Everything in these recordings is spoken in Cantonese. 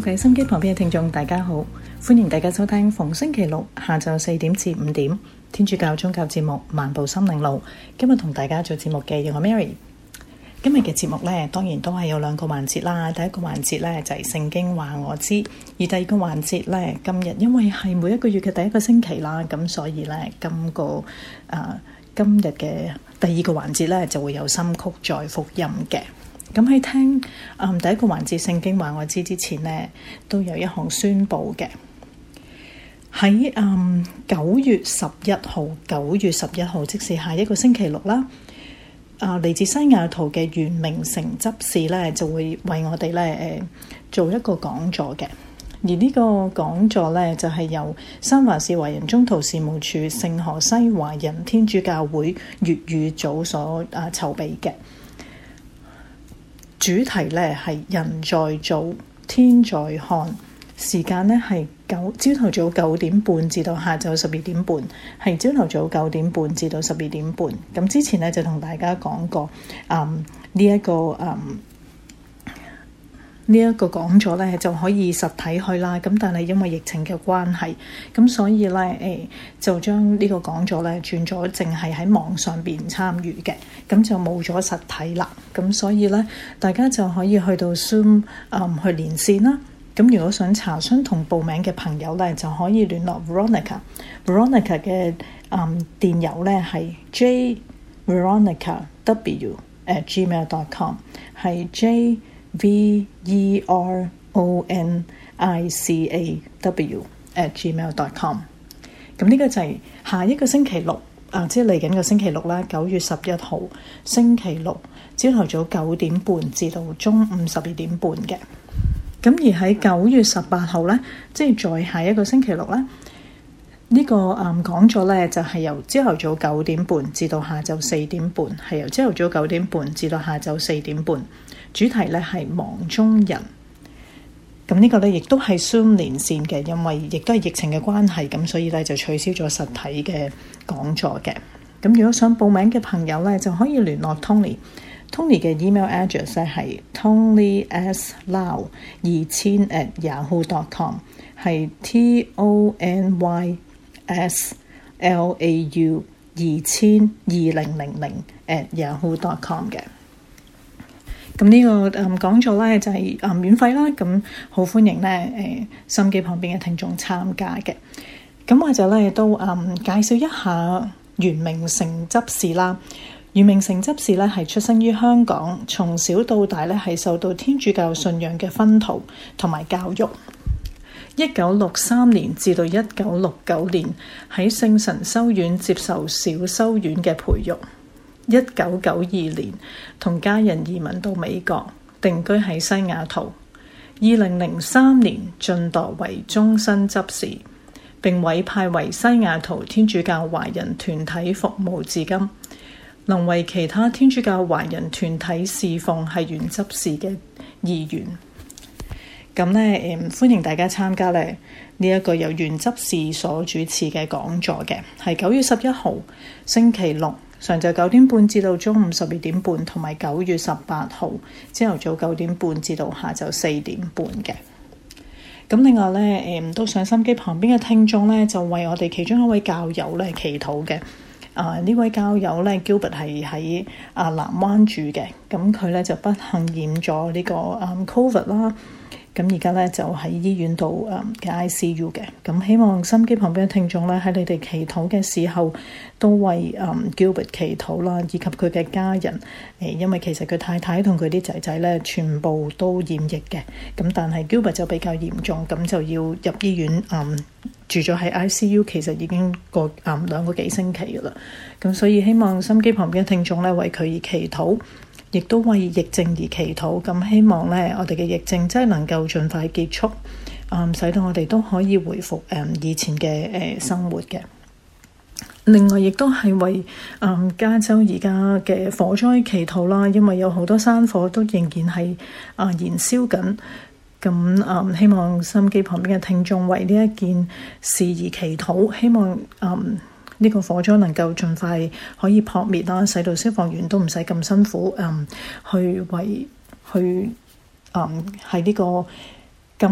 各位心機旁邊嘅聽眾，大家好，歡迎大家收聽逢星期六下晝四點至五點天主教宗教節目《漫步心靈路》。今日同大家做節目嘅係我 Mary。今日嘅節目呢，當然都係有兩個環節啦。第一個環節呢，就係聖經話我知，而第二個環節呢，今日因為係每一個月嘅第一個星期啦，咁所以呢今個誒今日嘅第二個環節呢就會有新曲再福音嘅。咁喺聽、嗯、第一個環節聖經話我知之前呢都有一項宣布嘅。喺嗯、九月十一號，九月十一號，即是下一個星期六啦。啊，嚟自西雅圖嘅原名成執事呢，就會為我哋呢誒、呃、做一個講座嘅。而呢個講座呢，就係、是、由三華市華人中途事務處聖荷西華人天主教會粵語組所啊籌備嘅。主題呢係人在做，天在看，時間呢係九朝頭早九點半至到下晝十二點半，係朝頭早九點半至到十二點半。咁之前呢，就同大家講過，嗯呢一個嗯。呢一個講座咧就可以實體去啦，咁但係因為疫情嘅關係，咁所以咧誒、欸、就將呢個講座咧轉咗，淨係喺網上邊參與嘅，咁、嗯、就冇咗實體啦。咁所以咧大家就可以去到 Zoom 啊、嗯、去連線啦。咁、嗯、如果想查詢同報名嘅朋友咧，就可以聯絡 Veronica。Veronica 嘅誒電郵咧係 j.veronica.w@gmail.com 係 j。VeronicaW at gmail dot com，咁呢個就係下一個星期六啊，即係嚟緊個星期六啦，九月十一號星期六朝頭早九點半至到中午十二點半嘅。咁而喺九月十八號咧，即係再下一個星期六咧，這個嗯、呢個啊講咗咧就係、是、由朝頭早九點半至到下晝四點半，係由朝頭早九點半至到下晝四點半。主題咧係忙中人，咁呢個咧亦都係 Zoom 連線嘅，因為亦都係疫情嘅關係，咁所以咧就取消咗實體嘅講座嘅。咁如果想報名嘅朋友咧，就可以聯絡 Tony。Tony 嘅 email address 咧係 tony s lau 二千 at yahoo dot com，係 t o n y s l a u 二千二零零零 at yahoo dot com 嘅。咁、這個嗯、呢個誒講座咧就係、是嗯、免費啦，咁好歡迎咧誒收機旁邊嘅聽眾參加嘅。咁我就咧都誒、嗯、介紹一下袁明成執事啦。袁明成執事咧係出生於香港，從小到大咧係受到天主教信仰嘅熏陶同埋教育。一九六三年至到一九六九年喺聖神修院接受小修院嘅培育。一九九二年同家人移民到美國定居，喺西雅圖。二零零三年晉鐸為終身執事，並委派為西雅圖天主教華人團體服務至今。能為其他天主教華人團體侍奉，係原執事嘅意願。咁呢，誒歡迎大家參加呢一個由原執事所主持嘅講座嘅，係九月十一號星期六。上晝九點半至到中午十二點半，同埋九月十八號朝頭早九點半至到下晝四點半嘅。咁另外咧，誒都上心機，旁邊嘅聽眾咧就為我哋其中一位教友咧祈禱嘅。啊，呢位教友咧，Gilbert 係喺啊南灣住嘅。咁佢咧就不幸染咗呢個 Covid 啦。咁而家咧就喺醫院度嘅 ICU 嘅，咁希望心機旁邊嘅聽眾咧喺你哋祈禱嘅時候，都為誒 Gilbert 祈禱啦，以及佢嘅家人。誒，因為其實佢太太同佢啲仔仔咧全部都染疫嘅，咁但係 Gilbert 就比較嚴重，咁就要入醫院誒、嗯、住咗喺 ICU，其實已經過誒兩個幾星期噶啦。咁所以希望心機旁邊嘅聽眾咧為佢而祈禱。亦都為疫症而祈禱，咁希望咧，我哋嘅疫症真係能夠盡快結束，嗯、使到我哋都可以回復誒、嗯、以前嘅誒、嗯、生活嘅。另外，亦都係為誒、嗯、加州而家嘅火災祈禱啦，因為有好多山火都仍然係啊燃燒緊，咁、嗯、啊、嗯、希望收音機旁邊嘅聽眾為呢一件事而祈禱，希望啊。嗯呢個火災能夠盡快可以撲滅啦，使到消防員都唔使咁辛苦，嗯，去為去，嗯，喺呢、這個咁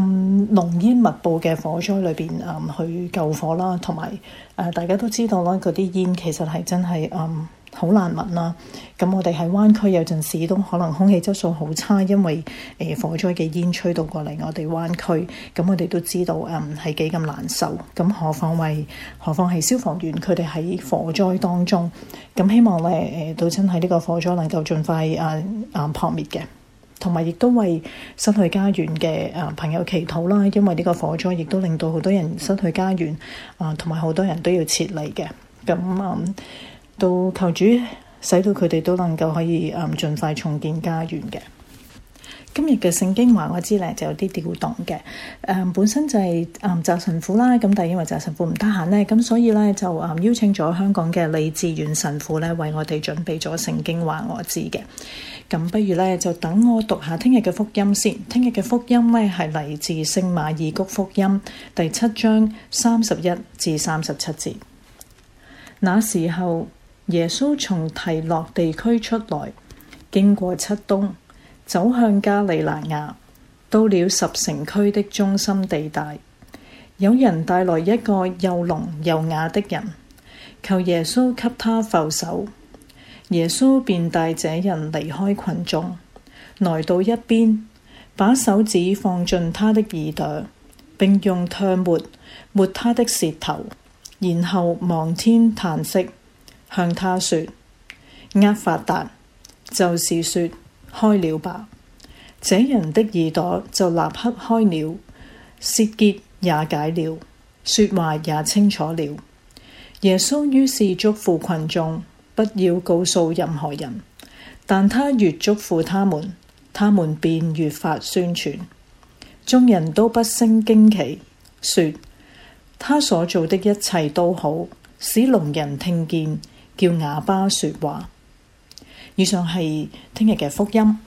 濃煙密佈嘅火災裏邊，嗯，去救火啦。同埋，誒、呃、大家都知道啦，嗰啲煙其實係真係，嗯。好難聞啦！咁我哋喺灣區有陣時都可能空氣質素好差，因為誒、呃、火災嘅煙吹到過嚟我哋灣區。咁我哋都知道誒係幾咁難受，咁何況為何況係消防員佢哋喺火災當中。咁希望咧誒，都、呃、真係呢個火災能夠盡快誒誒、啊啊、撲滅嘅，同埋亦都為失去家園嘅誒、啊、朋友祈禱啦。因為呢個火災亦都令到好多人失去家園啊，同埋好多人都要撤離嘅。咁啊～啊到求主使到佢哋都能夠可以、嗯、盡快重建家園嘅。今日嘅聖經話我知呢就有啲調動嘅、嗯，本身就係、是、誒、嗯、查神父啦，咁但係因為查神父唔得閒呢，咁所以呢就、嗯、邀請咗香港嘅李志遠神父呢，為我哋準備咗聖經話我知嘅。咁不如呢，就等我讀下聽日嘅福音先。聽日嘅福音呢係嚟自聖馬爾谷福音第七章三十一至三十七節。那時候。耶穌從提洛地區出來，經過漆冬，走向加里肋亞。到了十城區的中心地帶，有人帶來一個又聾又啞的人，求耶穌給他覆手。耶穌便帶這人離開群眾，來到一邊，把手指放進他的耳朵，並用唾沫抹他的舌頭，然後望天嘆息。向他說：扼發達，就是說開了吧。這人的耳朵就立刻開了，舌結也解了，說話也清楚了。耶穌於是囑咐群眾不要告訴任何人，但他越囑咐他們，他們便越發宣傳。眾人都不勝驚奇，說他所做的一切都好，使聾人聽見。叫啞巴說話。以上係聽日嘅福音。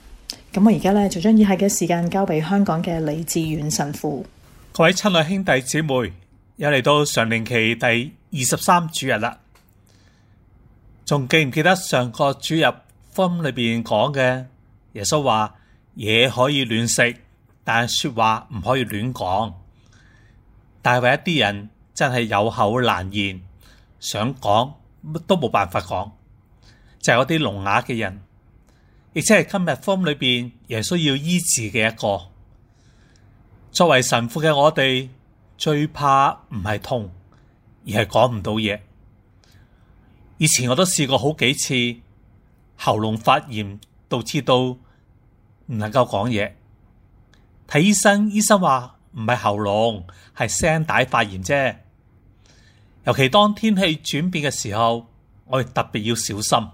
咁我而家咧就將以下嘅時間交俾香港嘅李志遠神父。各位親愛兄弟姊妹，又嚟到常年期第二十三主日啦。仲記唔記得上個主日福音裏邊講嘅耶穌話嘢可以亂食，但說話唔可以亂講。但係為一啲人真係有口難言，想講。乜都冇辦法講，就係嗰啲聾啞嘅人，亦即係今日福音裏邊耶穌要醫治嘅一個。作為神父嘅我哋，最怕唔係痛，而係講唔到嘢。以前我都試過好幾次喉嚨發炎，導致到唔能夠講嘢。睇醫生，醫生話唔係喉嚨，係聲帶發炎啫。尤其當天氣轉變嘅時候，我哋特別要小心。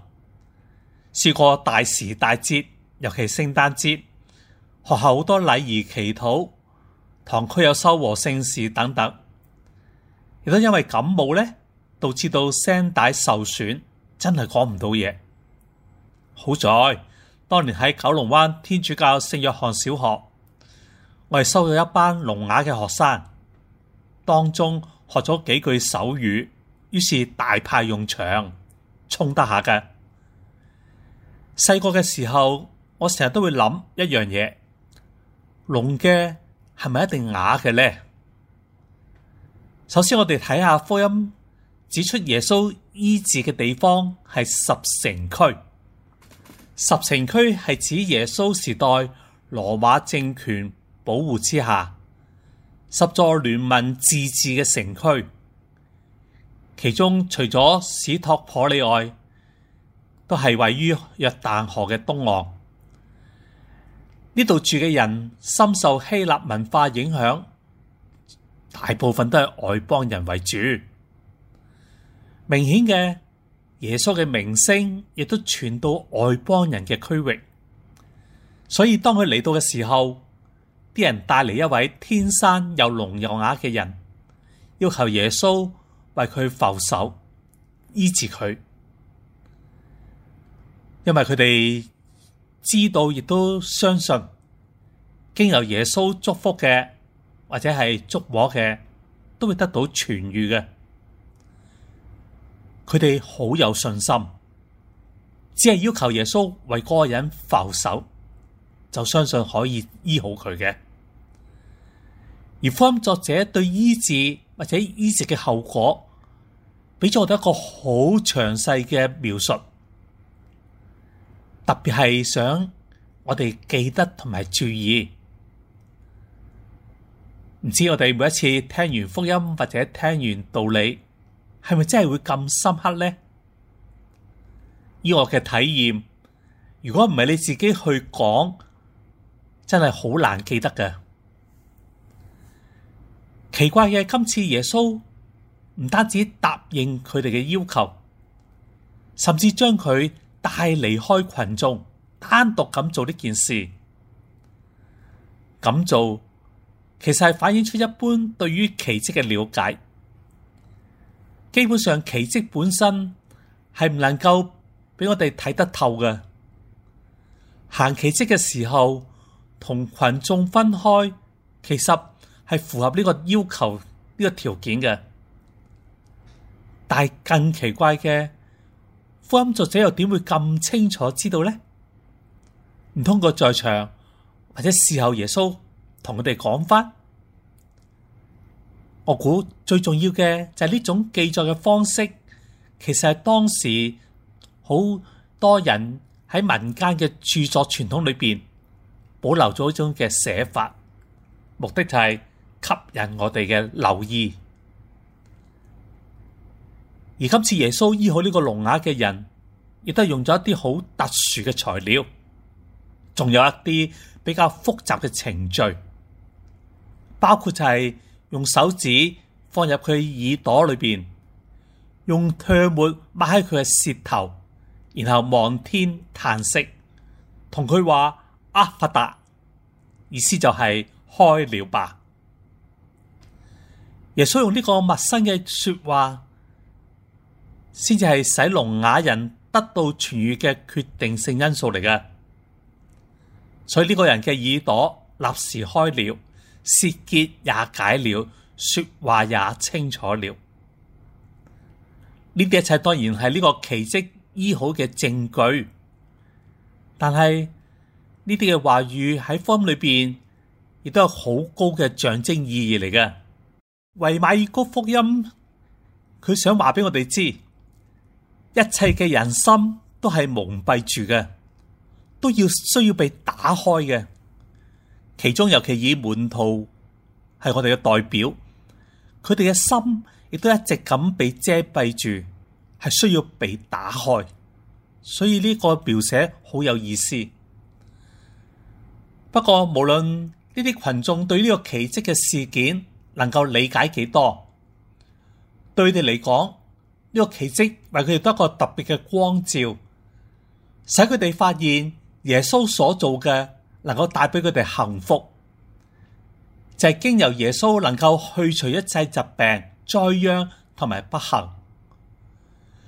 試過大時大節，尤其聖誕節，學校好多禮儀祈禱，堂區有修和聖事等等，亦都因為感冒咧，導致到聲帶受損，真係講唔到嘢。好在當年喺九龍灣天主教聖約翰小學，我哋收咗一班聾啞嘅學生當中，學咗幾句手語，於是大派用場，沖得下嘅。細個嘅時候，我成日都會諗一樣嘢：聾嘅係咪一定啞嘅呢？首先，我哋睇下福音指出耶穌醫治嘅地方係十城區。十城區係指耶穌時代羅馬政權保護之下，十座聯盟自治嘅城區，其中除咗史托普里外，都係位於約旦河嘅東岸。呢度住嘅人深受希臘文化影響，大部分都係外邦人為主。明顯嘅，耶穌嘅名聲亦都傳到外邦人嘅區域，所以當佢嚟到嘅時候。啲人帶嚟一位天生又聾又啞嘅人，要求耶穌為佢覆手醫治佢，因為佢哋知道亦都相信經由耶穌祝福嘅或者係觸摸嘅都會得到痊愈嘅，佢哋好有信心，只係要求耶穌為嗰個人覆手。就相信可以醫好佢嘅。而福音作者對醫治或者醫治嘅後果，俾咗我哋一個好詳細嘅描述。特別係想我哋記得同埋注意。唔知我哋每一次聽完福音或者聽完道理，係咪真係會咁深刻呢？依我嘅體驗，如果唔係你自己去講，真係好難記得嘅。奇怪嘅係，今次耶穌唔單止答應佢哋嘅要求，甚至將佢帶離開群眾，單獨咁做呢件事。咁做其實係反映出一般對於奇蹟嘅了解。基本上，奇蹟本身係唔能夠俾我哋睇得透嘅。行奇蹟嘅時候。同羣眾分開，其實係符合呢個要求呢個條件嘅。但係更奇怪嘅福音作者又點會咁清楚知道呢？唔通過在場或者事後，耶穌同佢哋講返。我估最重要嘅就係呢種記載嘅方式，其實係當時好多人喺民間嘅著作傳統裏邊。保留咗一種嘅寫法，目的就係吸引我哋嘅留意。而今次耶穌醫好呢個聾啞嘅人，亦都係用咗一啲好特殊嘅材料，仲有一啲比較複雜嘅程序，包括就係用手指放入佢耳朵裏邊，用唾沫抹喺佢嘅舌頭，然後望天嘆息，同佢話。阿發、啊、達，意思就係開了吧。耶穌用呢個陌生嘅說話，先至係使聾啞人得到痊愈嘅決定性因素嚟嘅。所以呢個人嘅耳朵立時開了，舌結也解了，說話也清楚了。呢啲，一切當然係呢個奇蹟醫好嘅證據，但係。呢啲嘅話語喺福音裏邊，亦都有好高嘅象徵意義嚟嘅。為馬爾谷福音，佢想話俾我哋知，一切嘅人心都係蒙蔽住嘅，都要需要被打開嘅。其中尤其以門徒係我哋嘅代表，佢哋嘅心亦都一直咁被遮蔽住，係需要被打開。所以呢個描寫好有意思。不過，無論呢啲群眾對呢個奇蹟嘅事件能夠理解幾多對，對佢哋嚟講，呢個奇蹟為佢哋多一個特別嘅光照，使佢哋發現耶穌所做嘅能夠帶俾佢哋幸福，就係、是、經由耶穌能夠去除一切疾病、災殃同埋不幸，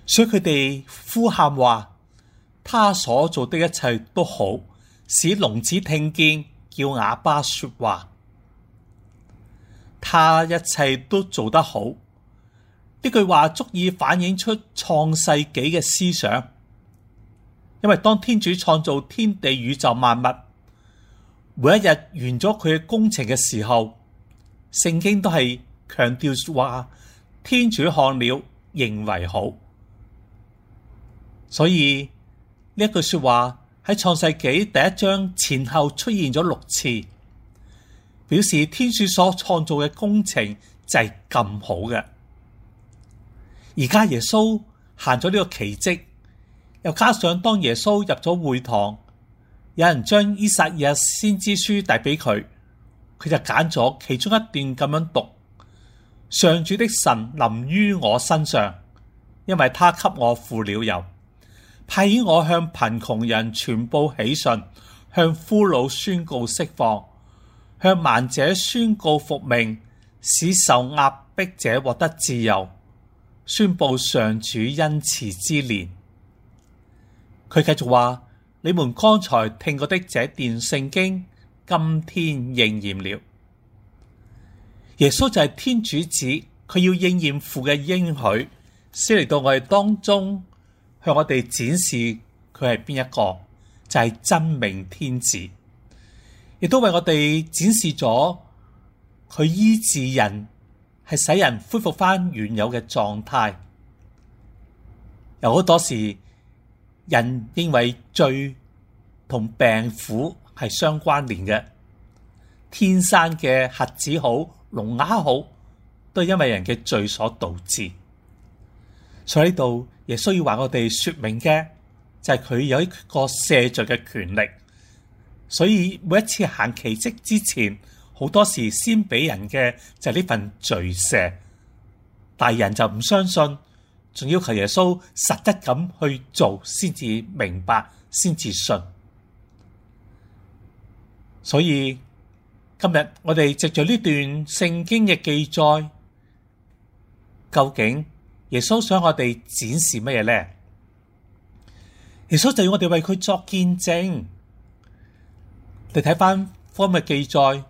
所以佢哋呼喊話：他所做的一切都好。使聾子聽見，叫啞巴說話，他一切都做得好。呢句話足以反映出創世紀嘅思想，因為當天主創造天地宇宙萬物，每一日完咗佢嘅工程嘅時候，聖經都係強調話天主看了認為好，所以呢句說話，喺創世紀第一章前後出現咗六次，表示天主所創造嘅工程就係咁好嘅。而家耶穌行咗呢個奇跡，又加上當耶穌入咗會堂，有人將伊撒耶先知書遞俾佢，佢就揀咗其中一段咁樣讀：上主的神臨於我身上，因為他給我傅了油。派我向貧窮人傳布喜訊，向俘虜宣告釋放，向盲者宣告復明，使受壓迫者獲得自由，宣布上主恩慈之年。佢繼續話：你們剛才聽過的這段聖經，今天應驗了。耶穌就係天主子，佢要應驗父嘅應許，先嚟到我哋當中。向我哋展示佢係邊一個，就係、是、真命天子，亦都為我哋展示咗佢醫治人，係使人恢復翻原有嘅狀態。有好多時，人認為罪同病苦係相關聯嘅，天生嘅核子好、聾啞好，都係因為人嘅罪所導致。喺呢度，耶穌要話我哋説明嘅就係佢有一個赦罪嘅權力，所以每一次行奇蹟之前，好多時先俾人嘅就係呢份罪赦，但係人就唔相信，仲要求耶穌實質咁去做先至明白，先至信。所以今日我哋藉住呢段聖經嘅記載，究竟，耶穌想我哋展示乜嘢咧？耶穌就要我哋為佢作見證。你睇翻福音嘅記載，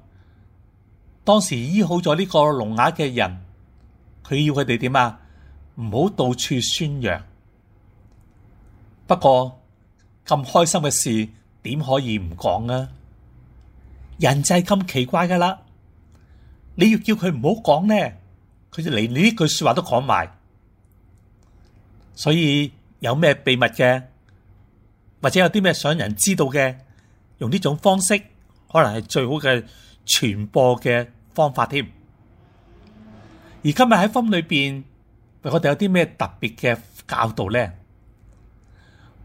當時醫好咗呢個聾啞嘅人，佢要佢哋點啊？唔好到處宣揚。不過咁開心嘅事，點可以唔講啊？人就係咁奇怪噶啦！你要叫佢唔好講咧，佢就連呢句說話都講埋。所以有咩秘密嘅，或者有啲咩想人知道嘅，用呢種方式可能係最好嘅傳播嘅方法添。而今日喺風裏邊，我哋有啲咩特別嘅教導咧？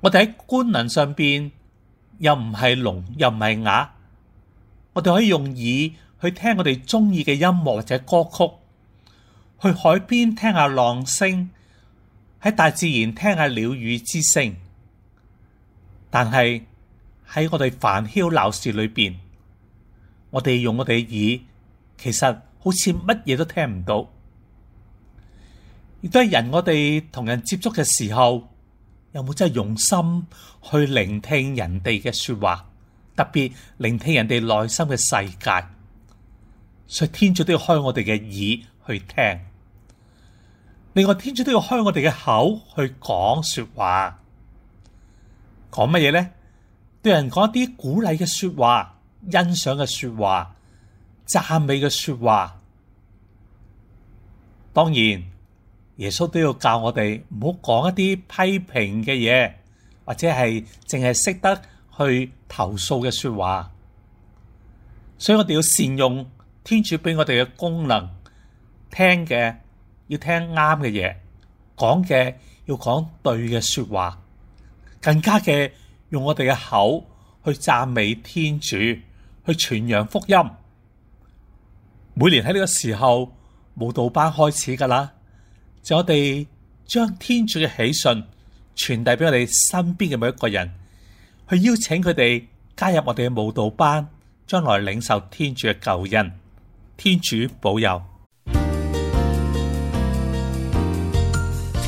我哋喺官能上邊又唔係聾又唔係啞，我哋可以用耳去聽我哋鍾意嘅音樂或者歌曲，去海邊聽下浪聲。喺大自然聽下鳥語之聲，但係喺我哋煩囂鬧市裏邊，我哋用我哋耳，其實好似乜嘢都聽唔到。亦都係人，我哋同人接觸嘅時候，有冇真係用心去聆聽人哋嘅說話，特別聆聽人哋內心嘅世界？所以天主都要開我哋嘅耳去聽。另外，天主都要開我哋嘅口去講說話，講乜嘢咧？對人講一啲鼓勵嘅說話、欣賞嘅說話、讚美嘅說話。當然，耶穌都要教我哋唔好講一啲批評嘅嘢，或者係淨係識得去投訴嘅說話。所以我哋要善用天主畀我哋嘅功能，聽嘅。要聽啱嘅嘢，講嘅要講對嘅說話，更加嘅用我哋嘅口去讚美天主，去傳揚福音。每年喺呢個時候，舞蹈班開始㗎喇，就我哋將天主嘅喜訊傳遞俾我哋身邊嘅每一個人，去邀請佢哋加入我哋嘅舞蹈班，將來領受天主嘅救恩。天主保佑。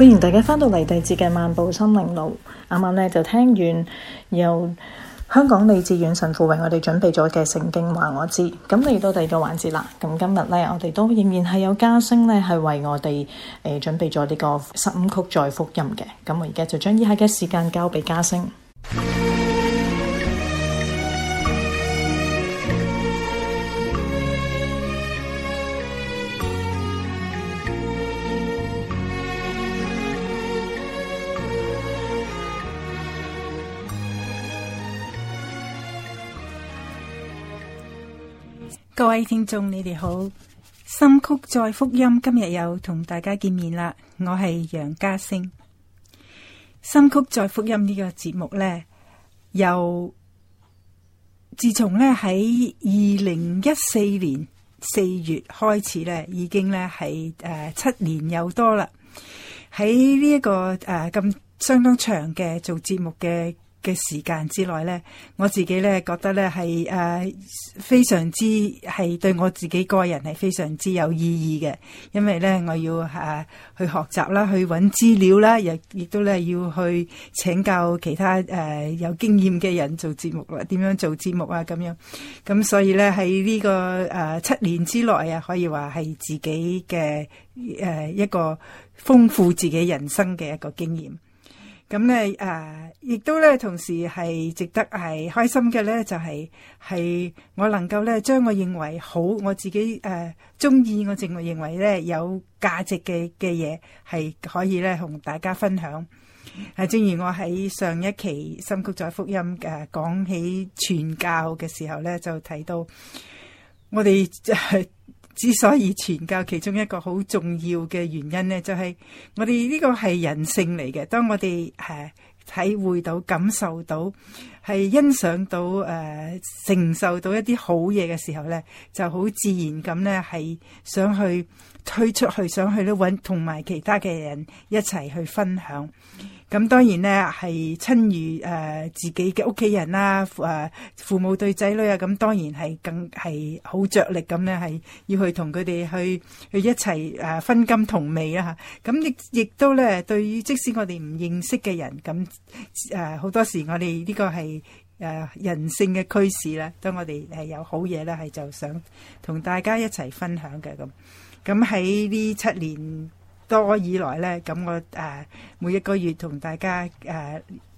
歡迎大家翻到嚟第二節嘅漫步心靈路，啱啱咧就聽完由香港李志遠神父為我哋準備咗嘅聖經話我知，咁嚟到第二個環節啦。咁今日咧我哋都仍然係有加聲咧，係為我哋誒準備咗呢個十五曲再福音嘅。咁我而家就將以下嘅時間交俾加聲。各位聽眾，你哋好！心曲再福音今日又同大家見面啦，我係楊家星。心曲再福音呢個節目呢，由自從呢喺二零一四年四月開始呢，已經呢係誒七年又多啦。喺呢一個誒咁相當長嘅做節目嘅。嘅時間之內呢，我自己呢覺得呢係誒非常之係對我自己個人係非常之有意義嘅，因為呢我要誒、啊、去學習啦，去揾資料啦，又亦都咧要去請教其他誒、啊、有經驗嘅人做節目啦，點、啊、樣做節目啊咁樣，咁、啊、所以呢，喺呢、這個誒、啊、七年之內啊，可以話係自己嘅誒、啊、一個豐富自己人生嘅一個經驗。咁咧，誒，亦、啊、都咧，同時係值得係開心嘅咧，就係、是、係我能夠咧，將我認為好，我自己誒鍾意，我正認為咧有價值嘅嘅嘢，係可以咧同大家分享。係、啊、正如我喺上一期《心曲在福音》誒、啊、講起傳教嘅時候咧，就睇到我哋誒。啊之所以傳教其中一個好重要嘅原因咧，就係我哋呢個係人性嚟嘅。當我哋誒體會到、感受到、係欣賞到、誒、呃、承受到一啲好嘢嘅時候咧，就好自然咁咧係想去推出去，想去咧搵同埋其他嘅人一齊去分享。咁當然咧係親如誒自己嘅屋企人啦，誒父母對仔女啊，咁當然係更係好着力咁咧，係要去同佢哋去去一齊誒分甘同味啦嚇。咁亦亦都咧，對於即使我哋唔認識嘅人，咁誒好多時我哋呢個係誒人性嘅驅使啦。當我哋係有好嘢咧，係就想同大家一齊分享嘅咁。咁喺呢七年多以來咧，咁我誒、啊、每一個月同大家誒、啊、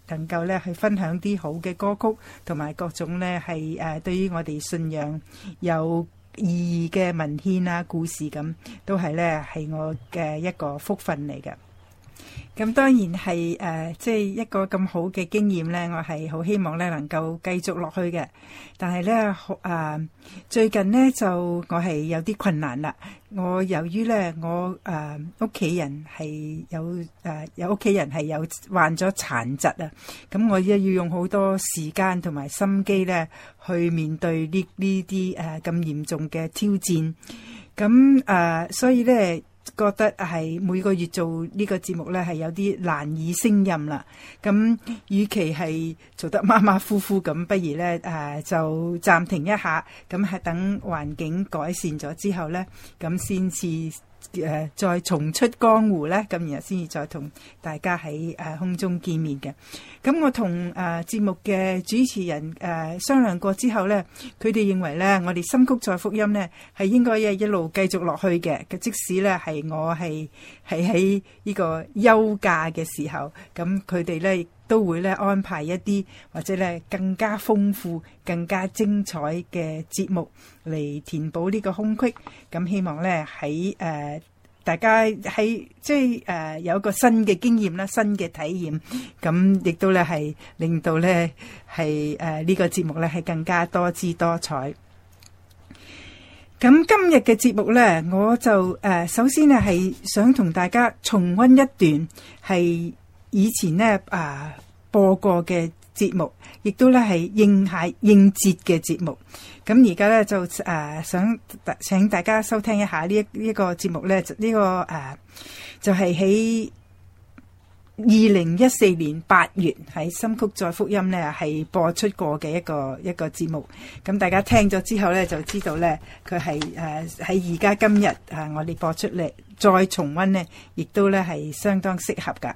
能夠咧去分享啲好嘅歌曲，同埋各種咧係誒對於我哋信仰有意義嘅文獻啊、故事咁，都係呢係我嘅一個福分嚟嘅。咁當然係誒，即、呃、係、就是、一個咁好嘅經驗咧，我係好希望咧能夠繼續落去嘅。但係咧，好、呃、最近咧就我係有啲困難啦。我由於咧我誒屋企人係有誒、呃、有屋企人係有患咗殘疾啊，咁我一要用好多時間同埋心機咧去面對呢呢啲誒咁嚴重嘅挑戰，咁誒、呃、所以咧，覺得係每個月做呢個節目呢，係有啲難以勝任啦，咁與其係做得馬馬虎虎咁，不如呢，誒、啊、就暫停一下，咁係等環境改善咗之後呢，咁先至。誒、呃，再重出江湖咧，咁然後先至再同大家喺誒、呃、空中見面嘅。咁我同誒、呃、節目嘅主持人誒、呃、商量過之後呢，佢哋認為呢，我哋心曲再福音呢係應該一一路繼續落去嘅。即使呢係我係係喺呢個休假嘅時候，咁佢哋呢。都會咧安排一啲或者咧更加豐富、更加精彩嘅節目嚟填補呢個空隙。咁希望呢喺誒大家喺即係誒有一個新嘅經驗啦、新嘅體驗。咁亦都呢係令到呢係誒呢個節目呢係更加多姿多彩。咁今日嘅節目呢，我就誒首先呢係想同大家重温一段係。以前呢啊播過嘅節目，亦都咧係應下應節嘅節目。咁而家咧就誒想請大家收聽一下呢一呢個節目咧，呢個誒就係喺二零一四年八月喺《深曲再福音》呢，係播出過嘅一個一個節目。咁大家聽咗之後呢，就知道呢，佢係誒喺而家今日啊，我哋播出咧再重溫呢，亦都呢係相當適合噶。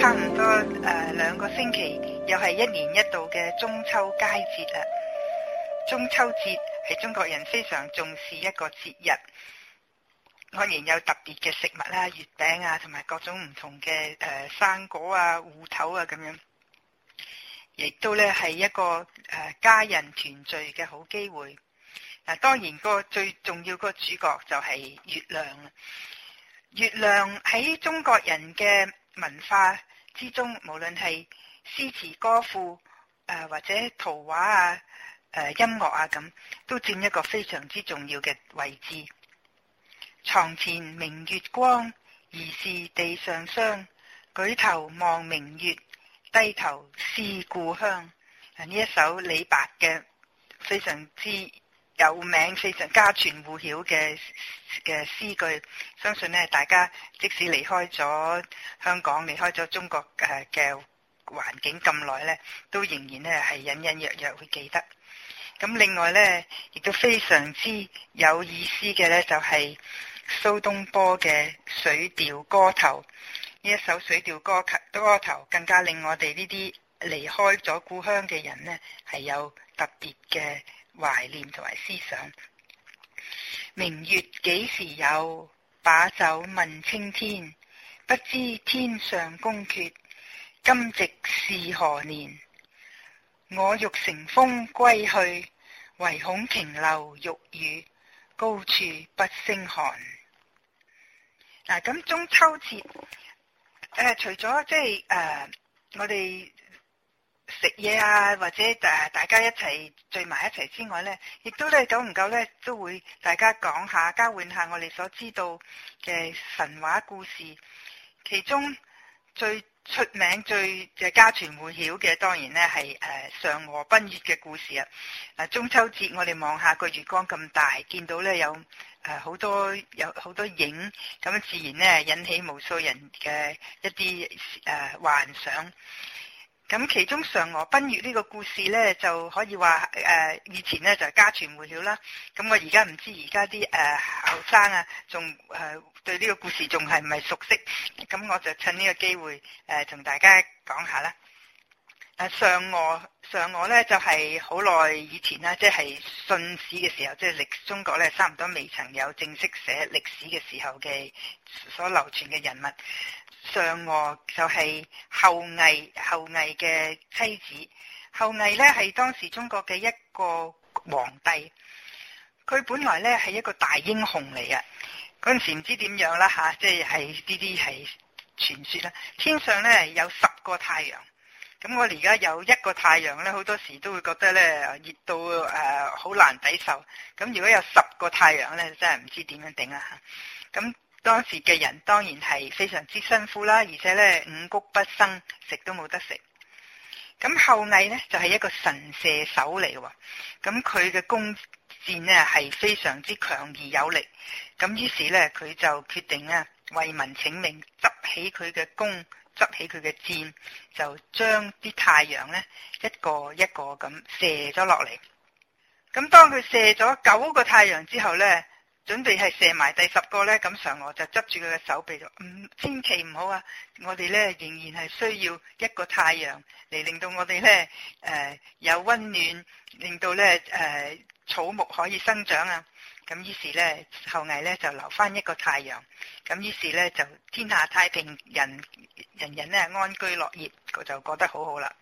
差唔多誒、呃，兩個星期又係一年一度嘅中秋佳節啦。中秋節係中國人非常重視一個節日，當然有特別嘅食物啦、啊，月餅啊，同埋各種唔同嘅誒生果啊、芋頭啊咁樣，亦都呢係一個誒、呃、家人團聚嘅好機會。嗱、呃，當然個最重要個主角就係月亮。月亮喺中國人嘅。文化之中，無論係詩詞歌賦，誒、呃、或者圖畫啊，誒、呃、音樂啊咁，都佔一個非常之重要嘅位置。床前明月光，疑是地上霜。舉頭望明月，低頭思故鄉。呢一首李白嘅非常之。有名非常家傳戶曉嘅嘅詩句，相信呢大家即使離開咗香港、離開咗中國誒嘅環境咁耐呢，都仍然呢係隱隱約約會記得。咁另外呢，亦都非常之有意思嘅呢，就係蘇東坡嘅《水調歌頭》呢一首水調《水調歌頭》，更加令我哋呢啲離開咗故鄉嘅人呢，係有特別嘅。懷念同埋思想。明月幾時有？把酒問青天。不知天上宮闕，今夕是何年？我欲乘風歸去，唯恐瓊樓玉宇，高處不勝寒。嗱，咁中秋節，誒、呃，除咗即係誒、呃，我哋。食嘢啊，或者大家一齊聚埋一齊之外呢，亦都咧久唔久呢，都會大家講下交換下我哋所知道嘅神話故事，其中最出名最誒家傳戶曉嘅當然呢係誒嫦娥奔月嘅故事啊！啊、呃、中秋節我哋望下個月光咁大，見到呢有誒好、呃、多有好多影，咁自然呢引起無數人嘅一啲誒、呃、幻想。咁其中嫦娥奔月呢個故事咧，就可以話誒、呃，以前咧就家傳戶曉啦。咁我而家唔知而家啲誒後生啊，仲誒、呃、對呢個故事仲係唔係熟悉？咁我就趁呢個機會誒，同、呃、大家講下啦。誒，嫦娥，嫦娥咧就係好耐以前啦，即係信史嘅時候，即係歷中國咧差唔多未曾有正式寫歷史嘅時候嘅所流傳嘅人物。嫦娥就係后羿，后羿嘅妻子，后羿咧係當時中國嘅一個皇帝，佢本來咧係一個大英雄嚟啊！嗰陣時唔知點樣啦吓，即係呢啲係傳說啦。天上咧有十個太陽。咁我而家有一個太陽咧，好多時都會覺得咧熱到誒好、呃、難抵受。咁如果有十個太陽咧，真係唔知點樣頂啊！咁當時嘅人當然係非常之辛苦啦，而且咧五穀不生，食都冇得食。咁後羿呢，就係、是、一個神射手嚟喎，咁佢嘅弓箭呢係非常之強而有力。咁於是呢，佢就決定啊為民請命，執起佢嘅弓。執起佢嘅箭，就將啲太陽呢一個一個咁射咗落嚟。咁當佢射咗九個太陽之後呢，準備係射埋第十個呢。咁嫦娥就執住佢嘅手臂就唔、嗯，千祈唔好啊！我哋呢仍然係需要一個太陽嚟，令到我哋呢誒、呃、有溫暖，令到呢誒、呃、草木可以生長啊！咁於是咧，後羿咧就留翻一個太陽。咁於是咧，就天下太平，人人人咧安居樂業，就覺得好好啦。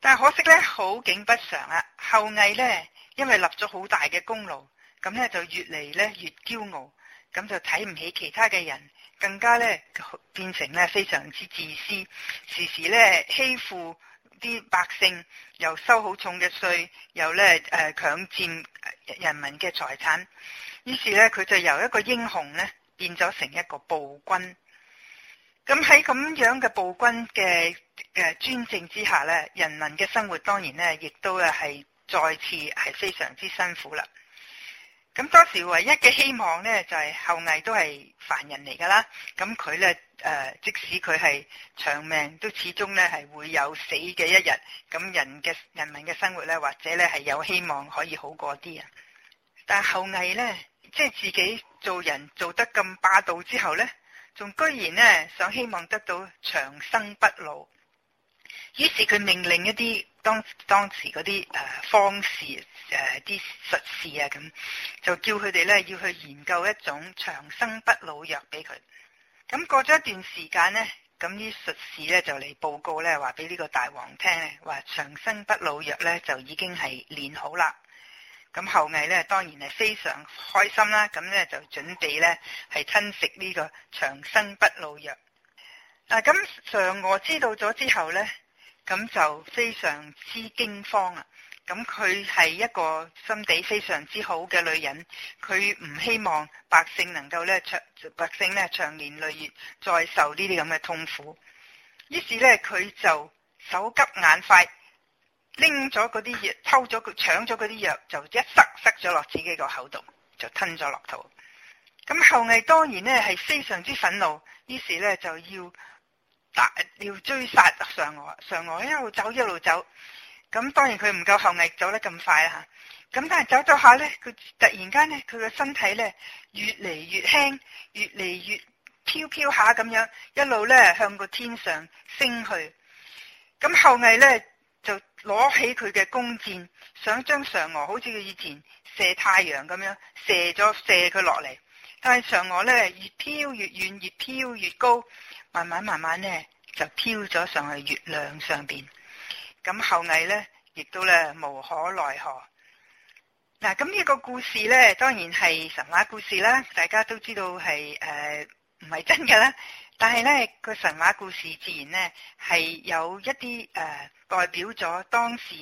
但係可惜咧，好景不常啊！後羿咧，因為立咗好大嘅功勞，咁咧就越嚟咧越驕傲，咁就睇唔起其他嘅人，更加咧變成咧非常之自私，時時咧欺負啲百姓又收好重嘅稅，又咧誒、呃、強佔人民嘅財產，於是咧佢就由一個英雄咧變咗成一個暴君。咁喺咁樣嘅暴君嘅誒專政之下咧，人民嘅生活當然咧亦都啊係再次係非常之辛苦啦。咁當時唯一嘅希望咧就係、是、後羿都係凡人嚟噶啦，咁佢咧。誒、呃，即使佢係長命，都始終咧係會有死嘅一日。咁人嘅人民嘅生活咧，或者咧係有希望可以好過啲啊。但後羿呢，即係自己做人做得咁霸道之後呢，仲居然呢，想希望得到長生不老。於是佢命令一啲當當時嗰啲誒方士誒啲術士啊咁，就叫佢哋呢，要去研究一種長生不老藥俾佢。咁過咗一段時間呢，咁啲術士呢就嚟報告呢，話俾呢個大王聽，話長生不老藥呢，就已經係煉好啦。咁後羿呢，當然係非常開心啦，咁呢，就準備呢，係吞食呢個長生不老藥。嗱，咁嫦娥知道咗之後呢，咁就非常之驚慌啊！咁佢係一個心地非常之好嘅女人，佢唔希望百姓能夠咧長百姓咧長年累月再受呢啲咁嘅痛苦，於是咧佢就手急眼快，拎咗嗰啲藥，偷咗搶咗嗰啲藥，就一塞塞咗落自己個口度，就吞咗落肚。咁后羿當然咧係非常之憤怒，於是咧就要打要追殺嫦娥，嫦娥一路走一路走。咁當然佢唔夠後羿走得咁快啦嚇，咁但係走咗下呢，佢突然間呢，佢個身體呢越嚟越輕，越嚟越飄飄下咁樣，一路呢向個天上升去。咁後羿呢就攞起佢嘅弓箭，想將嫦娥好似佢以前射太陽咁樣射咗射佢落嚟，但係嫦娥呢越飄越遠，越飄越高，慢慢慢慢呢就飄咗上去月亮上邊。咁后羿呢，亦都呢無可奈何。嗱，咁呢一個故事呢，當然係神話故事啦，大家都知道係誒唔係真㗎啦。但係呢、呢個神話故事自然呢係有一啲誒、呃、代表咗當時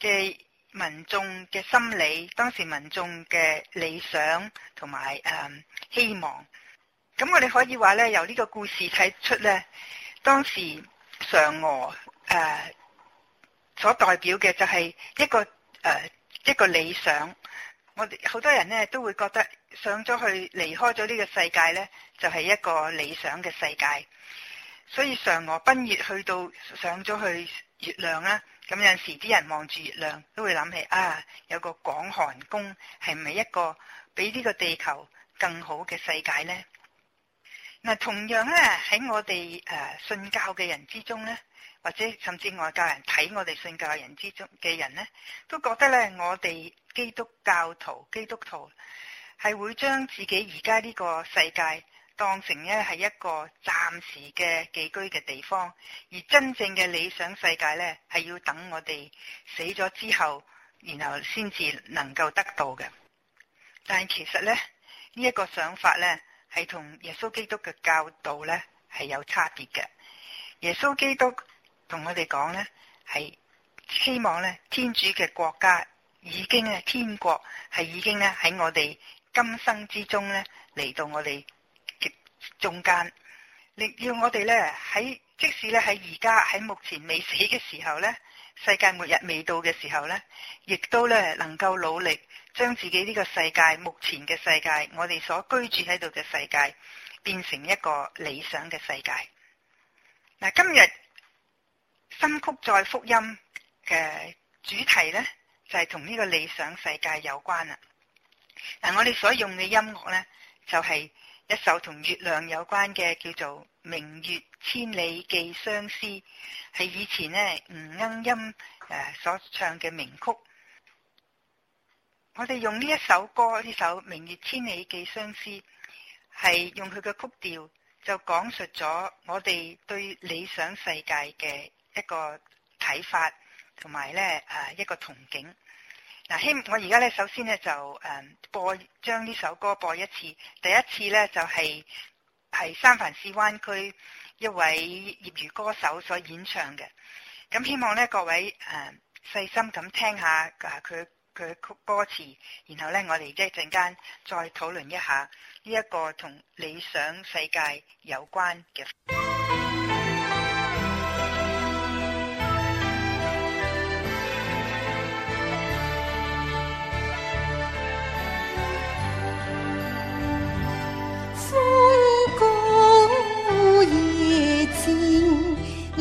嘅民眾嘅心理，當時民眾嘅理想同埋誒希望。咁我哋可以話呢，由呢個故事睇出呢，當時嫦娥誒。呃所代表嘅就係一個誒、呃、一個理想，我哋好多人咧都會覺得上咗去離開咗呢個世界咧，就係、是、一個理想嘅世界。所以嫦娥奔月去到上咗去月亮啦，咁有陣時啲人望住月亮都會諗起啊，有個廣寒宮係唔係一個比呢個地球更好嘅世界呢？嗱，同樣咧喺我哋誒、呃、信教嘅人之中咧。或者甚至外教人睇我哋信教人之中嘅人呢，都覺得呢，我哋基督教徒基督徒係會將自己而家呢個世界當成呢係一個暫時嘅寄居嘅地方，而真正嘅理想世界呢，係要等我哋死咗之後，然後先至能夠得到嘅。但其實呢，呢、這、一個想法呢，係同耶穌基督嘅教導呢係有差別嘅。耶穌基督。同我哋講呢，係希望呢，天主嘅國家已經呢，天國係已經呢喺我哋今生之中呢，嚟到我哋嘅中間。亦要我哋呢喺即使呢喺而家喺目前未死嘅時候呢，世界末日未到嘅時候呢，亦都呢能夠努力將自己呢個世界，目前嘅世界，我哋所居住喺度嘅世界，變成一個理想嘅世界。嗱，今日。新曲再福音嘅主題咧，就係同呢個理想世界有關啦。嗱，我哋所用嘅音樂咧，就係一首同月亮有關嘅，叫做《明月千里寄相思》，係以前咧吳鶯音誒所唱嘅名曲。我哋用呢一首歌，呢首《明月千里寄相思》，係用佢嘅曲調就講述咗我哋對理想世界嘅。一個睇法同埋呢誒一個憧憬。嗱，希我而家呢，首先呢就誒播將呢首歌播一次。第一次呢，就是，就係係三藩市灣區一位業餘歌手所演唱嘅，咁希望呢各位誒細心咁聽下佢佢曲歌詞，然後呢，我哋一陣間再討論一下呢一個同理想世界有關嘅。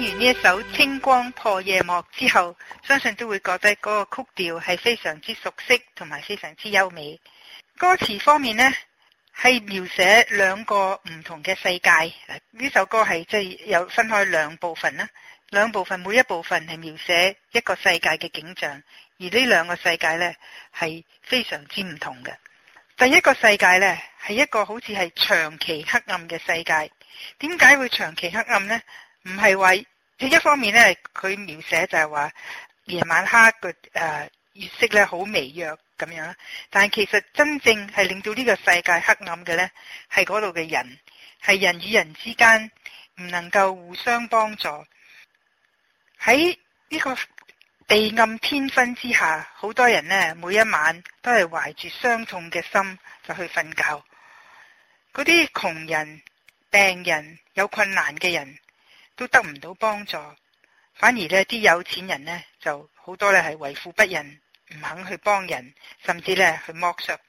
完呢一首《青光破夜幕》之後，相信都會覺得嗰個曲調係非常之熟悉同埋非常之優美。歌詞方面呢，係描寫兩個唔同嘅世界。呢首歌係即係有分開兩部分啦，兩部分每一部分係描寫一個世界嘅景象，而呢兩個世界呢係非常之唔同嘅。第一個世界呢，係一個好似係長期黑暗嘅世界，點解會長期黑暗呢？唔係話，一方面咧，佢描寫就係話夜晚黑嘅誒、呃、月色咧好微弱咁樣，但其實真正係令到呢個世界黑暗嘅呢，係嗰度嘅人，係人與人之間唔能夠互相幫助。喺呢個地暗天昏之下，好多人呢每一晚都係懷住傷痛嘅心就去瞓覺。嗰啲窮人、病人、有困難嘅人，都得唔到幫助，反而呢啲有錢人呢就好多呢係為富不仁，唔肯去幫人，甚至呢去剝削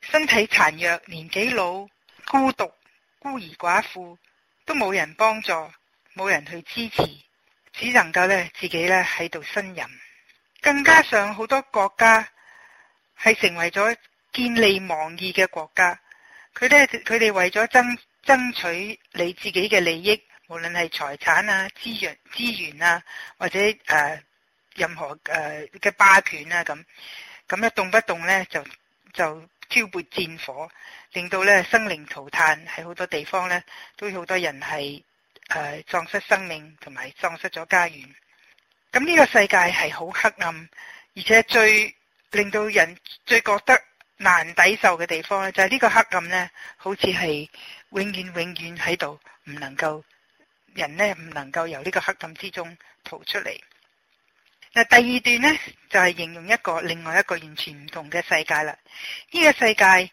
身體殘弱、年紀老、孤獨孤兒寡婦都冇人幫助，冇人去支持，只能夠呢自己呢喺度呻吟。更加上好多國家係成為咗見利忘義嘅國家，佢呢佢哋為咗爭爭取你自己嘅利益。無論係財產啊、資源、資源啊，或者誒、呃、任何誒嘅、呃、霸權啊，咁咁一動不動咧，就就挑撥戰火，令到咧生靈塗炭，喺好多地方咧，都有好多人係誒喪失生命，同埋喪失咗家園。咁呢個世界係好黑暗，而且最令到人最覺得難抵受嘅地方咧，就係、是、呢個黑暗咧，好似係永遠永遠喺度，唔能夠。人呢，唔能夠由呢個黑暗之中逃出嚟。嗱，第二段呢，就係形容一個另外一個完全唔同嘅世界啦。呢個世界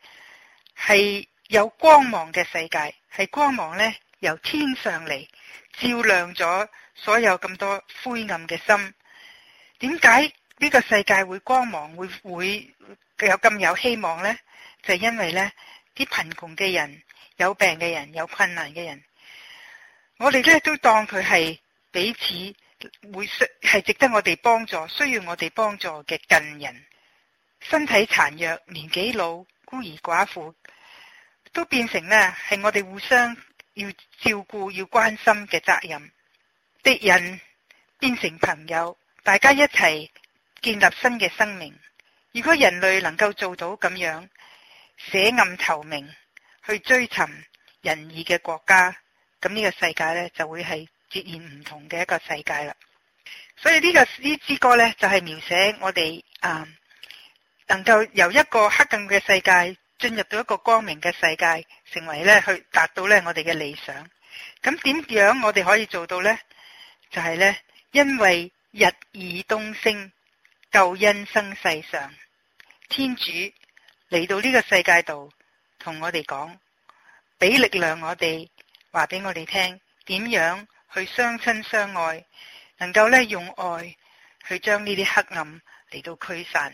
係有光芒嘅世界，係光芒呢，由天上嚟照亮咗所有咁多灰暗嘅心。點解呢個世界會光芒會會有咁有希望呢？就係因為呢啲貧窮嘅人、有病嘅人、有困難嘅人。我哋咧都當佢係彼此會係值得我哋幫助、需要我哋幫助嘅近人，身體殘弱、年紀老、孤兒寡婦，都變成咧係我哋互相要照顧、要關心嘅責任。敵人變成朋友，大家一齊建立新嘅生命。如果人類能夠做到咁樣，捨暗投明，去追尋仁義嘅國家。咁呢個世界咧，就會係截然唔同嘅一個世界啦。所以呢、這個呢支歌咧，就係、是、描寫我哋啊，uh, 能夠由一個黑暗嘅世界進入到一個光明嘅世界，成為咧去達到咧我哋嘅理想。咁點樣我哋可以做到咧？就係、是、咧，因為日已東升，救恩生世上，天主嚟到呢個世界度，同我哋講，俾力量我哋。話俾我哋聽點樣去相親相愛，能夠咧用愛去將呢啲黑暗嚟到驅散。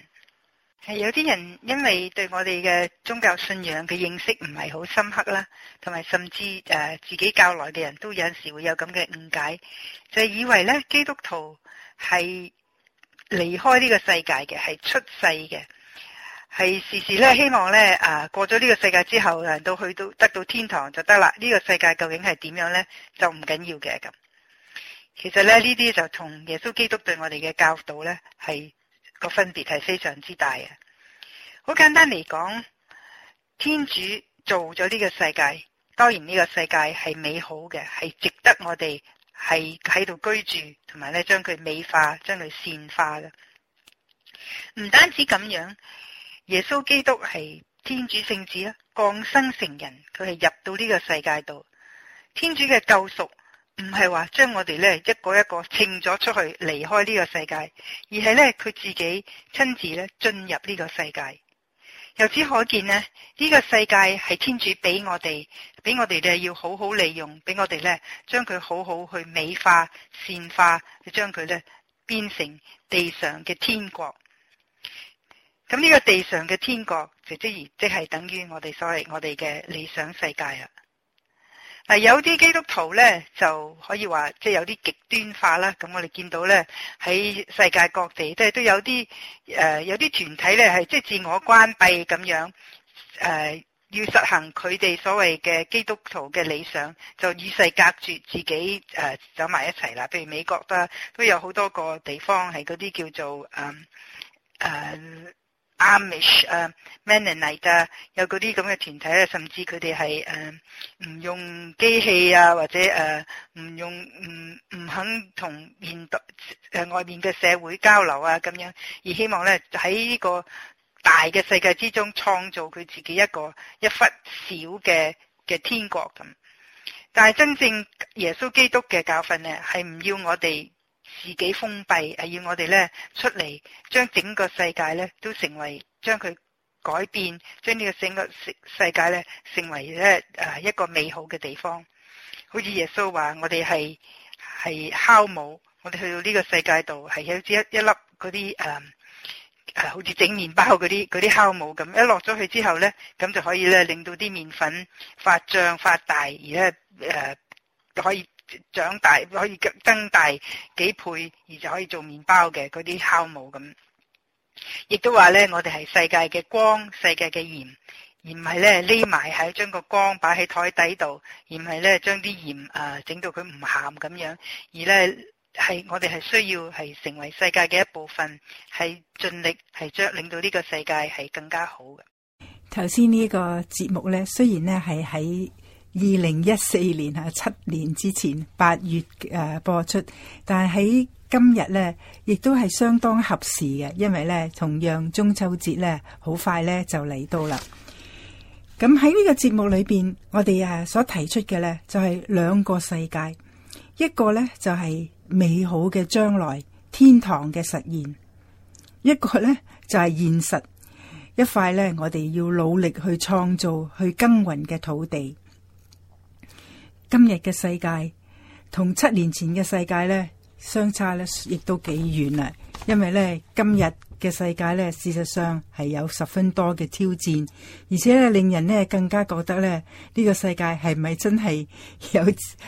係有啲人因為對我哋嘅宗教信仰嘅認識唔係好深刻啦，同埋甚至誒、呃、自己教來嘅人都有陣時會有咁嘅誤解，就是、以為咧基督徒係離開呢個世界嘅，係出世嘅。係時時咧，希望咧，啊，過咗呢個世界之後，行到去到，得到天堂就得啦。呢個世界究竟係點樣呢？就唔緊要嘅咁。其實咧，呢啲就同耶穌基督對我哋嘅教導呢係個分別係非常之大嘅。好簡單嚟講，天主做咗呢個世界，當然呢個世界係美好嘅，係值得我哋係喺度居住，同埋咧將佢美化，將佢善化嘅。唔單止咁樣。耶穌基督係天主聖子啊，降生成人，佢係入到呢個世界度。天主嘅救贖唔係話將我哋咧一個一個稱咗出去離開呢個世界，而係咧佢自己親自咧進入呢個世界。由此可見咧，呢、呢個世界係天主俾我哋，俾我哋咧要好好利用，俾我哋咧將佢好好去美化、善化，去將佢咧變成地上嘅天國。咁呢個地上嘅天國就即即係等於我哋所謂我哋嘅理想世界啦。嗱，有啲基督徒呢，就可以話，即係有啲極端化啦。咁我哋見到呢，喺世界各地都都有啲誒、呃、有啲團體呢，係即係自我關閉咁樣誒、呃，要實行佢哋所謂嘅基督徒嘅理想，就與世隔絕，自己誒、呃、走埋一齊啦。譬如美國啦，都有好多個地方係嗰啲叫做誒誒。呃呃 a 阿米什啊，Mennonite 啊，有嗰啲咁嘅團體啊，甚至佢哋係誒唔用機器啊，或者誒唔、uh, 用唔唔肯同現代誒外面嘅社會交流啊，咁、uh, 樣而希望咧喺呢個大嘅世界之中創造佢自己一個一忽小嘅嘅天國咁。但係真正耶穌基督嘅教訓咧，係唔要我哋。自己封閉，係要我哋呢出嚟，將整個世界呢都成為，將佢改變，將呢個整個世界呢成為呢誒、呃、一個美好嘅地方。好似耶穌話：我哋係係酵母，我哋去到呢個世界度係好似一一粒嗰啲誒好似整麵包嗰啲啲酵母咁，一落咗去之後呢，咁就可以呢令到啲麵粉發脹發大，而呢誒、呃、可以。長大可以增大幾倍，而就可以做麵包嘅嗰啲酵母咁。亦都話呢，我哋係世界嘅光，世界嘅鹽，而唔係呢，匿埋喺將個光擺喺台底度，而唔係呢，將啲鹽啊整到佢唔鹹咁樣。而呢，係我哋係需要係成為世界嘅一部分，係盡力係將令到呢個世界係更加好嘅。頭先呢個節目呢，雖然呢係喺。二零一四年啊，七年之前八月誒播出，但係喺今日呢亦都係相當合時嘅，因為呢同樣中秋節呢好快呢就嚟到啦。咁喺呢個節目裏邊，我哋啊所提出嘅呢就係兩個世界，一個呢就係美好嘅將來天堂嘅實現，一個呢就係現實一塊呢我哋要努力去創造、去耕耘嘅土地。今日嘅世界同七年前嘅世界呢，相差呢亦都幾遠啊，因為呢今日嘅世界呢，事實上係有十分多嘅挑戰，而且呢令人呢更加覺得呢，呢個世界係咪真係有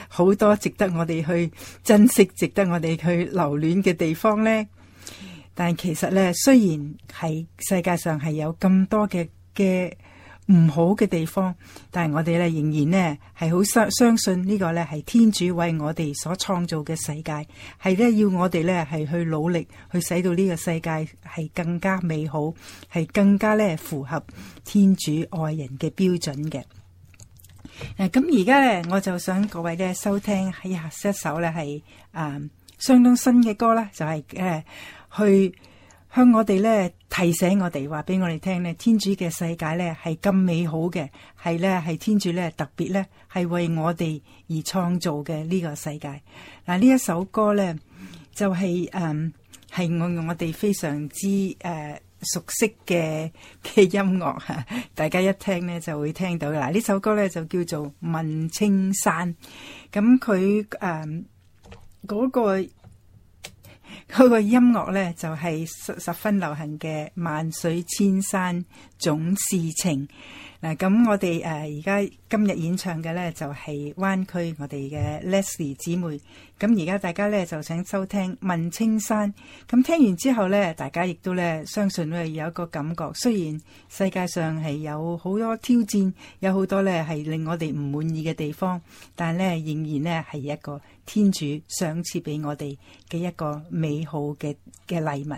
好多值得我哋去珍惜、值得我哋去留戀嘅地方呢？但其實呢，雖然係世界上係有咁多嘅嘅，唔好嘅地方，但係我哋咧仍然呢，係好相相信呢個呢，係天主為我哋所創造嘅世界，係咧要我哋呢，係去努力去使到呢個世界係更加美好，係更加呢，符合天主愛人嘅標準嘅。誒、啊，咁而家呢，我就想各位呢收聽喺下一首呢，係、啊、誒相當新嘅歌啦，就係、是、誒、啊、去向我哋呢。提醒我哋話俾我哋聽咧，天主嘅世界咧係咁美好嘅，係咧係天主咧特別咧係為我哋而創造嘅呢、這個世界。嗱、啊，呢一首歌咧就係誒係我用我哋非常之誒、嗯、熟悉嘅嘅音樂，大家一聽咧就會聽到。嗱、啊，呢首歌咧就叫做問青山，咁佢誒嗰個。嗰個音樂呢，就係、是、十十分流行嘅《萬水千山總是情》。嗱，咁我哋誒而家今日演唱嘅呢，就係灣區我哋嘅 Leslie 姊妹，咁而家大家呢，就請收聽《問青山》，咁聽完之後呢，大家亦都呢相信呢，有一個感覺，雖然世界上係有好多挑戰，有好多呢係令我哋唔滿意嘅地方，但係呢，仍然呢係一個天主賞賜俾我哋嘅一個美好嘅嘅禮物。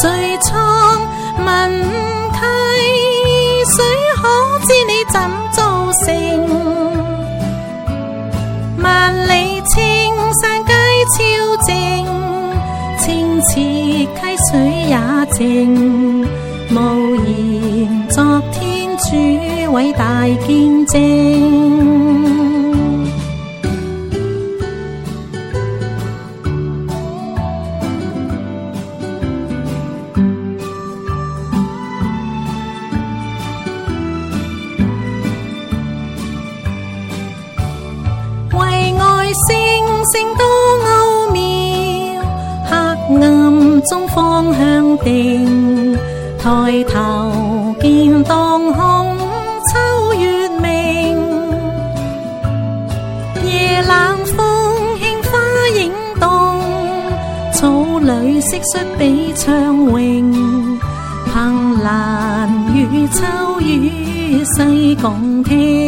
誰創問溪水？可知你怎造成？萬里青山皆超靜，清澈溪水也靜。無言作天主偉大見證。削壁長榮，憑欄與秋雨，細共聽。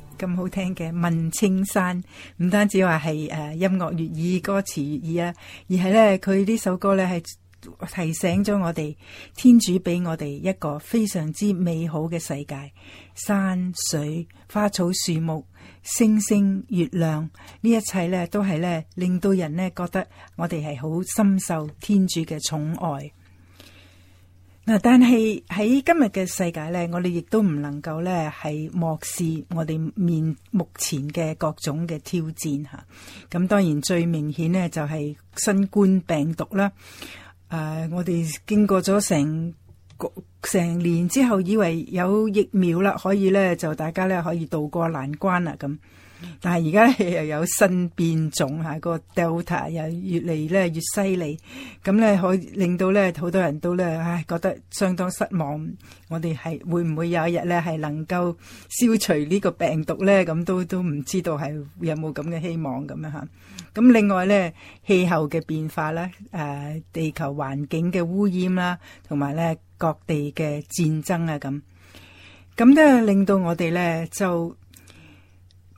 咁好聽嘅《問青山》，唔單止話係誒音樂悅耳、歌詞悅耳啊，而係呢，佢呢首歌呢係提醒咗我哋，天主俾我哋一個非常之美好嘅世界，山水、花草、樹木、星星、月亮，呢一切呢，都係呢令到人呢覺得我哋係好深受天主嘅寵愛。嗱，但係喺今日嘅世界咧，我哋亦都唔能夠咧係漠視我哋面目前嘅各種嘅挑戰吓。咁、啊、當然最明顯呢，就係、是、新冠病毒啦。誒、啊，我哋經過咗成成年之後，以為有疫苗啦，可以咧就大家咧可以渡過難關啦咁。但係而家又有新變種吓，個 Delta 又越嚟咧越犀利，咁咧可以令到咧好多人都咧，唉覺得相當失望。我哋係會唔會有一日咧係能夠消除呢個病毒咧？咁都都唔知道係有冇咁嘅希望咁樣吓。咁另外咧，氣候嘅變化啦，誒地球環境嘅污染啦，同埋咧各地嘅戰爭啊，咁咁咧令到我哋咧就。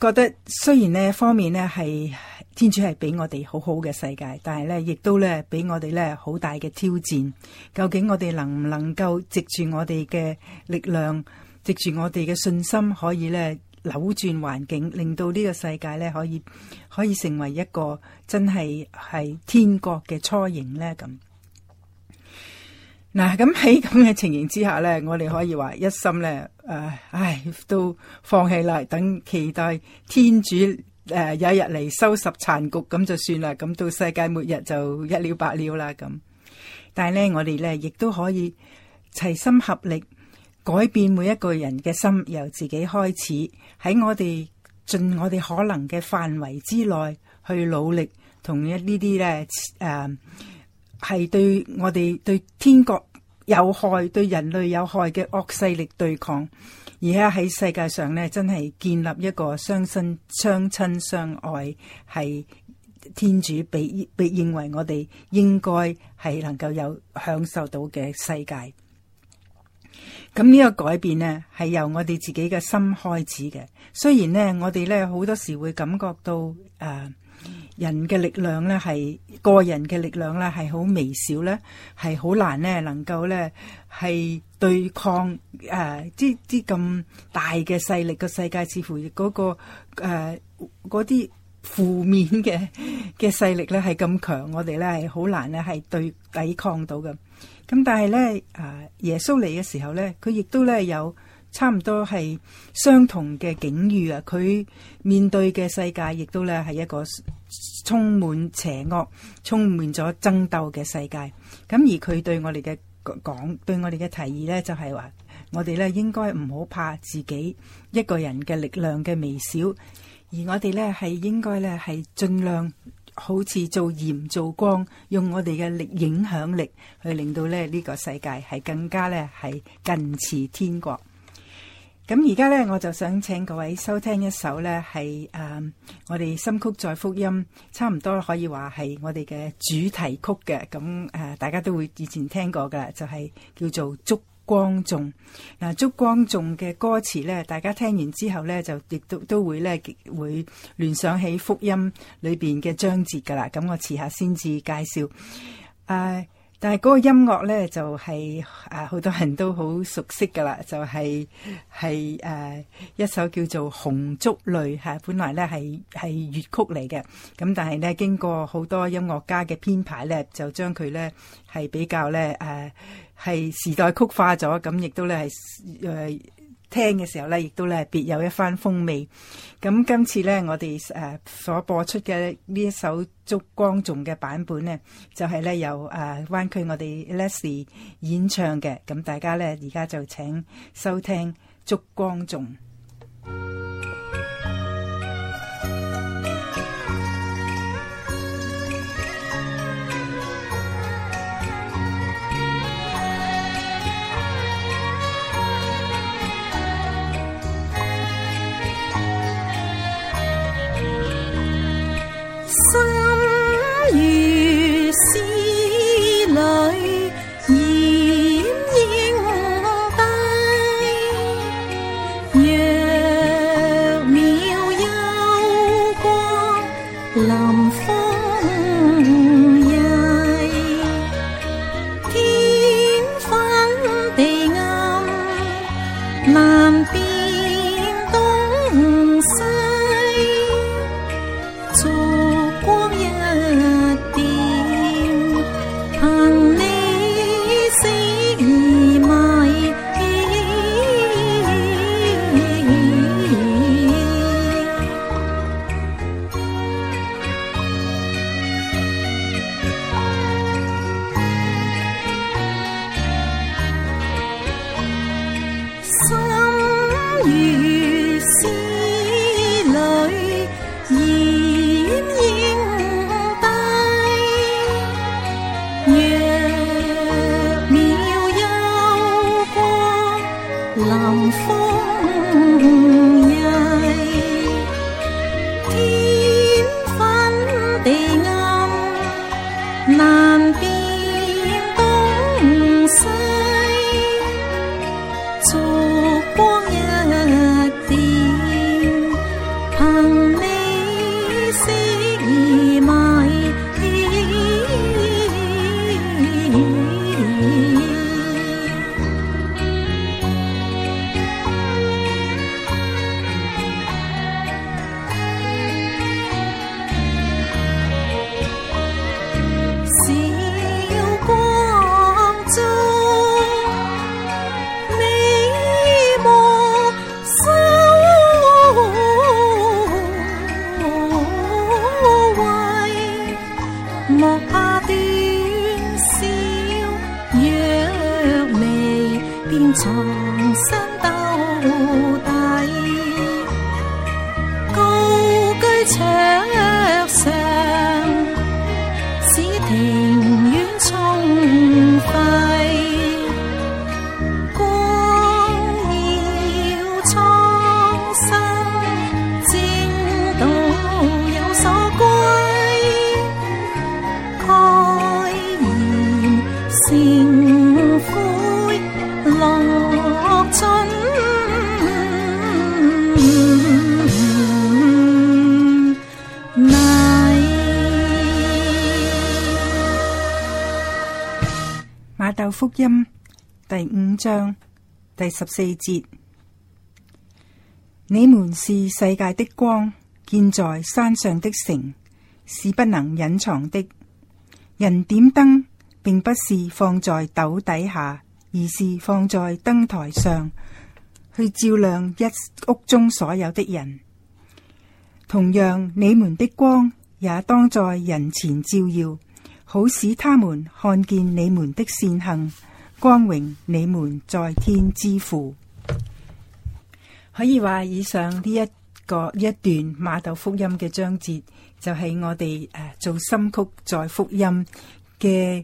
覺得雖然呢方面咧係天主係俾我哋好好嘅世界，但係呢亦都咧俾我哋咧好大嘅挑戰。究竟我哋能唔能夠藉住我哋嘅力量，藉住我哋嘅信心，可以咧扭轉環境，令到呢個世界咧可以可以成為一個真係係天國嘅雛形呢？咁。嗱，咁喺咁嘅情形之下呢，我哋可以話一心呢，誒，唉，都放棄啦，等期待天主誒有一日嚟收拾殘局，咁就算啦，咁到世界末日就一了百了啦咁。但係呢，我哋呢亦都可以齊心合力改變每一個人嘅心，由自己開始，喺我哋盡我哋可能嘅範圍之內去努力，同一呢啲呢。誒、呃。係對我哋對天國有害，對人類有害嘅惡勢力對抗，而家喺世界上呢，真係建立一個相生相親相愛係天主被被認為我哋應該係能夠有享受到嘅世界。咁呢個改變呢，係由我哋自己嘅心開始嘅。雖然呢，我哋呢好多時會感覺到誒。呃人嘅力量咧，係個人嘅力量咧，係好微小咧，係好難咧，能夠咧係對抗誒，即啲咁大嘅勢力個世界，似乎嗰個誒嗰啲負面嘅嘅勢力咧係咁強，我哋咧係好難咧係對抵抗到嘅。咁但係咧，誒耶穌嚟嘅時候咧，佢亦都咧有差唔多係相同嘅境遇啊。佢面對嘅世界亦都咧係一個。充滿邪惡、充滿咗爭鬥嘅世界，咁而佢對我哋嘅講，對我哋嘅提議呢，就係話我哋呢應該唔好怕自己一個人嘅力量嘅微小，而我哋呢係應該呢係盡量好似做鹽做光，用我哋嘅力影響力去令到咧呢個世界係更加呢係近似天國。咁而家咧，我就想請各位收聽一首咧，係誒、呃、我哋新曲再福音，差唔多可以話係我哋嘅主題曲嘅。咁誒、呃，大家都會以前聽過噶啦，就係、是、叫做燭光頌。嗱，燭、呃、光頌嘅歌詞咧，大家聽完之後咧，就亦都都會咧會聯想起福音裏邊嘅章節噶啦。咁我遲下先至介紹。阿、呃。但係嗰個音樂咧，就係誒好多人都好熟悉嘅啦，就係係誒一首叫做《紅燭淚》嚇、啊，本來咧係係粵曲嚟嘅，咁但係咧經過好多音樂家嘅編排咧，就將佢咧係比較咧誒係時代曲化咗，咁亦都咧係誒。啊。聽嘅時候咧，亦都咧係別有一番風味。咁今次咧，我哋誒所播出嘅呢一首《燭光頌》嘅版本呢，就係咧由誒灣區我哋 Leslie 演唱嘅。咁大家咧，而家就請收聽《燭光頌》。天灰落盡馬太福音第五章第十四節：你們是世界的光，建在山上的城，是不能隱藏的。人點燈，並不是放在斗底下，而是放在燈臺上，去照亮一屋中所有的人。同樣，你們的光也當在人前照耀，好使他們看見你們的善行，光榮你們在天之父。可以話以上呢一個一段馬竇福音嘅章節，就係、是、我哋做心曲在福音嘅。